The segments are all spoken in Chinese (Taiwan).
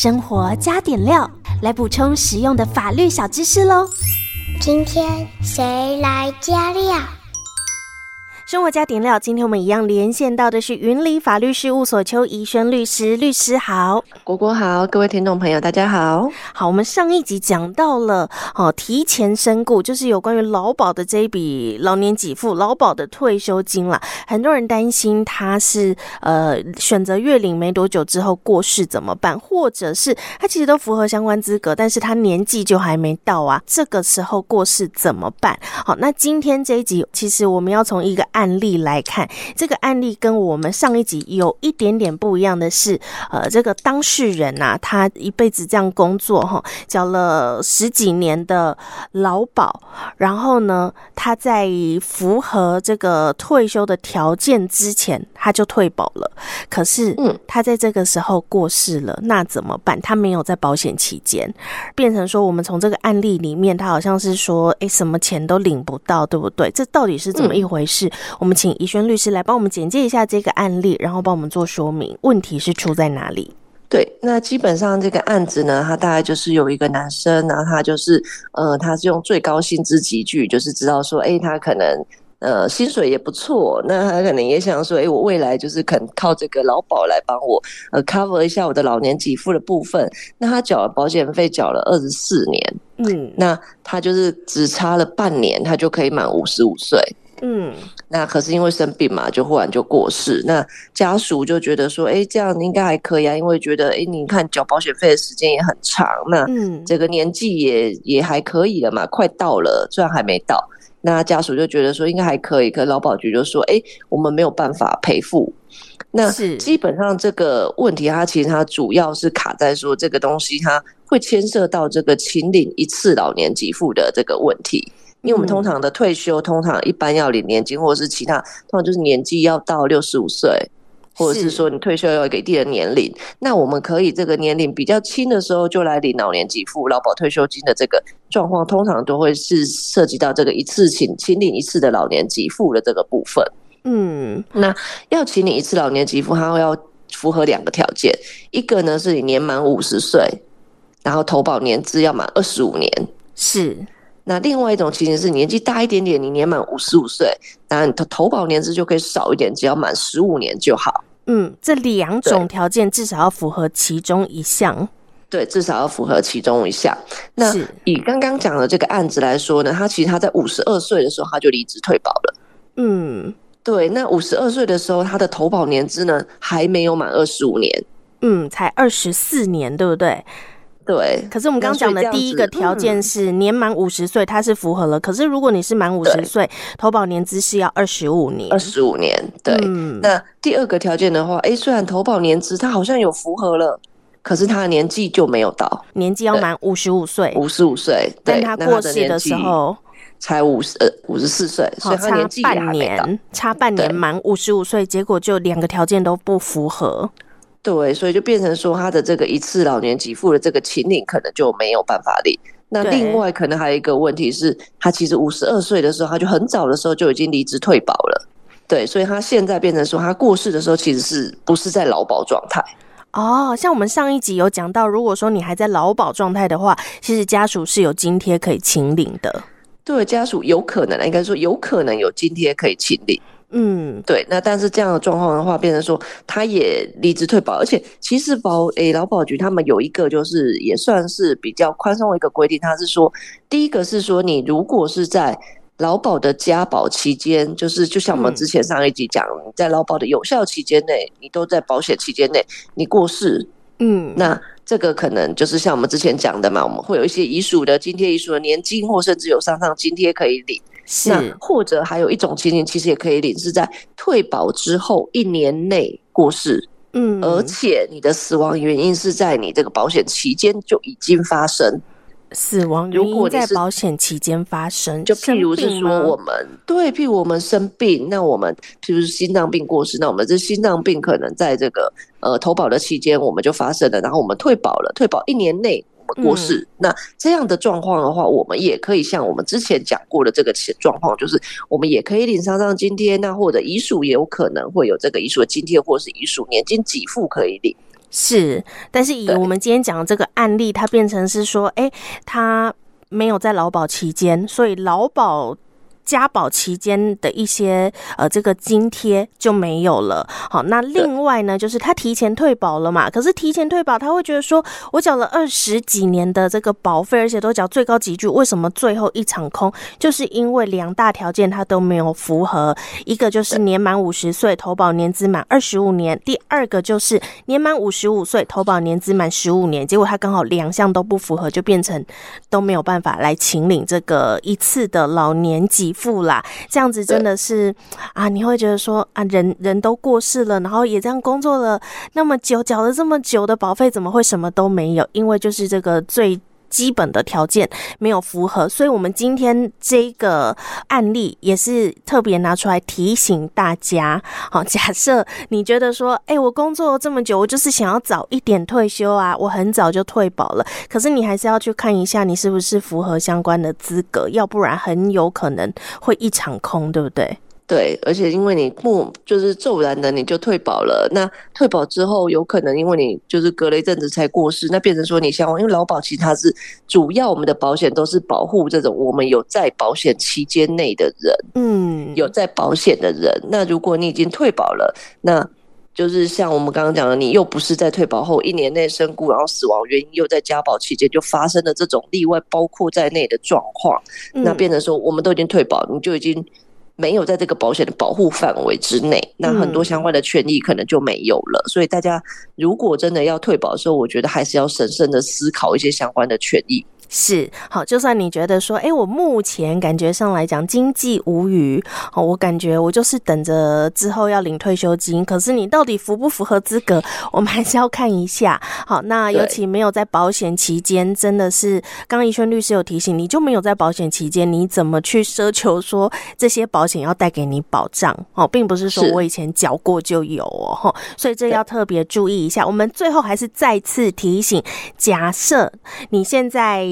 生活加點料，來補充實用的法律小知識嘍！今天誰來加料？生活加點料，今天我們一樣連線到的是雲林法律事務所邱怡瑄律師，律師好。果果好，各位聽眾朋友大家好。好，我們上一集講到了，哦，提前身故就是有關於勞保的這一筆老年給付，勞保的退休金啦，很多人擔心他是呃選擇月領沒多久之後過世怎麼辦，或者是他其實都符合相關資格，但是他年紀就還沒到啊，這個時候過世怎麼辦？好，那今天這一集其實我們要從一個案例來看，這個案例跟我們上一集有一點點不一樣的是，呃，這個當事人吶，他一輩子這樣工作哈，繳了十幾年的勞保，然後呢，他在符合這個退休的條件之前，他就退保了。可是，嗯，他在這個時候過世了，那怎麼辦？他沒有在保險期間，變成說，我們從這個案例裡面，他好像是說，誒，什麼錢都領不到，對不對？這到底是怎麼一回事？嗯我們請怡瑄律師來幫我們簡介一下這個案例，然後幫我們做說明，問題是出在哪裡？對，那基本上這個案子呢，他大概就是有一個男生，啊，然後他就是呃，他是用最高薪資級距，就是知道說，哎，他可能呃薪水，也不錯，那他可能也想說，哎，我未來就是肯靠這個勞保來幫我呃 cover 一下我的老年給付的部分。那他繳了保險費繳了二十四年，嗯，那他就是只差了半年，他就可以滿五十五歲。嗯，那可是因為生病嘛，就忽然就過世。那家屬就覺得說，哎、欸，這樣應該還可以啊，因為覺得，哎、欸，你看繳保險費的時間也很長，那嗯，這個年紀也、嗯、也還可以了嘛，快到了，雖然還沒到。那家屬就覺得說應該還可以，可勞保局就說，哎、欸，我們沒有辦法賠付。那基本上這個問題，它其實它主要是卡在說這個東西，它會牽涉到這個請領一次老年給付的這個問題。因為我們通常的退休，嗯、通常一般要領年金或者是其他，通常就是年紀要到六十五歲，或者是說你退休要給一定的年齡。是那我們可以這個年齡比較輕的時候就來領老年給付勞保退休金的這個狀況，通常都會是涉及到這個一次性請領一次的老年給付的這個部分。嗯，那要請領一次老年給付，它要符合兩個條件，一個呢是你年滿五十歲，然後投保年資要滿二十五年。是。那另外一種情形是年紀大一點點，你年滿五十五歲，那投投保年資就可以少一點，只要滿十五年就好。嗯，這兩種條件對至少要符合其中一項。對，至少要符合其中一項。那是以剛剛講的這個案子來說呢，他其實他在五十二歲的時候他就離職退保了。嗯，對。那五十二歲的時候，他的投保年資呢還沒有滿二十五年，嗯，才二十四年，對不對？對，可是我們剛剛講的第一個條件是年滿五十歲，他是符合了。嗯、可是如果你是滿五十歲，對投保年資是要二十五年。二十五年，對。嗯、那第二個條件的話，哎、欸，雖然投保年資他好像有符合了，可是他的年紀就沒有到，年紀要滿五十五歲。五十五歲，歲對但他過世的時候才五十呃五十四歲，歲好所以他年紀差半年，差半年滿五十五歲，對結果就兩個條件都不符合。對，所以就變成說，他的這個一次老年給付的這個請領可能就沒有辦法領。那另外可能還有一個問題是，對他其實五十二歲的時候，他就很早的時候就已經離職退保了。對，所以他現在變成說，他過世的時候其實是不是在勞保狀態？哦，像我們上一集有講到，如果說你還在勞保狀態的話，其實家屬是有津貼可以請領的。對，家屬有可能，應該說有可能有津貼可以請領。嗯，對，那但是這樣的狀況的話，變成說他也離職退保，而且其實保、欸、勞保局他們有一個就是也算是比較寬鬆的一個規定，他是說第一個是說你如果是在勞保的加保期間，就是就像我們之前上一集講，嗯、你在勞保的有效期間內，你都在保險期間內，你過世，嗯，那這個可能就是像我們之前講的嘛，我們會有一些遺屬的津貼、遺屬的年金或甚至有喪葬津貼可以領。那或者還有一種情形，其實也可以領，是在退保之後一年內過世，嗯，而且你的死亡原因是在你這個保險期間就已經發生。死亡原因在保險期間發生，就譬如是說我們對，譬如我們生病，那我們譬如是心臟病過世，那我們這心臟病可能在這個呃投保的期間我們就發生了，然後我們退保了，退保一年內，過世，嗯、那這樣的狀況的話，我們也可以像我們之前講過的這個情況，就是我們也可以領喪葬津貼，那或者遺屬也有可能會有這個遺屬的津貼，或是遺屬年金給付可以領。是，但是以我們今天講的這個案例，對它變成是說，哎、欸，他沒有在勞保期間，所以勞保。加保期間的一些呃這個津貼就沒有了。好，那另外呢，就是他提前退保了嘛。可是提前退保，他會覺得說，我繳了二十幾年的這個保費，而且都繳最高級距，為什麼最後一場空？就是因為兩大條件他都沒有符合，一個就是年滿五十歲投保年資滿二十五年，第二個就是年滿五十五歲投保年資滿十五年。結果他剛好兩項都不符合，就變成都沒有辦法來請領這個一次的老年級。付啦，這樣子真的是對啊，你會覺得說啊，人，人都過世了，然後也這樣工作了那麼久，繳了這麼久的保費，怎麼會什麼都沒有？因為就是這個最。基本的條件沒有符合，所以我們今天這個案例也是特別拿出來提醒大家。好，假設你覺得說，哎、欸，我工作了這麼久，我就是想要早一點退休啊，我很早就退保了，可是你還是要去看一下你是不是符合相關的資格，要不然很有可能會一場空，對不對？對，而且因為你不就是驟然的你就退保了，那退保之後有可能因為你就是隔了一陣子才過世，那變成說你死亡，因為勞保其實它是主要我們的保險都是保護這種我們有在保險期間內的人，嗯，有在保險的人。那如果你已經退保了，那就是像我們剛剛講的，你又不是在退保後一年內身故，然後死亡原因又在加保期間就發生了這種例外包括在內的狀況，那變成說我們都已經退保，你就已經。沒有在這個保險的保護範圍之內，那很多相關的權益可能就沒有了。嗯、所以大家如果真的要退保的時候，我覺得還是要審慎的思考一些相關的權益。是好，就算你覺得說，誒、欸，我目前感覺上來講經濟無虞，哦，我感覺我就是等着之後要領退休金。可是你到底符不符合資格，我們還是要看一下。好，那尤其沒有在保險期間，真的是對剛怡瑄律師有提醒，你就沒有在保險期間，你怎麼去奢求說這些保險要帶給你保障？哦，並不是說我以前繳過就有哦，是哦，所以這要特別注意一下。對我們最後還是再次提醒，假設你現在。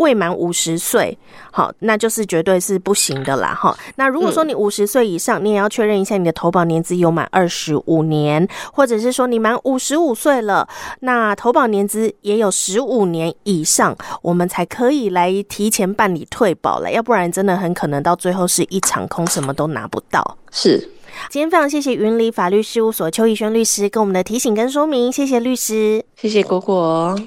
未滿五十歲，好，那就是絕對是不行的啦，哈。那如果說你五十歲以上，嗯、你也要確認一下你的投保年資有滿二十五年，或者是說你滿五十五歲了，那投保年資也有十五年以上，我們才可以來提前辦理退保了，要不然真的很可能到最後是一場空，什麼都拿不到。是，今天非常謝謝雲裡法律事務所邱怡瑄律師跟我們的提醒跟說明，謝謝律師，謝謝果果。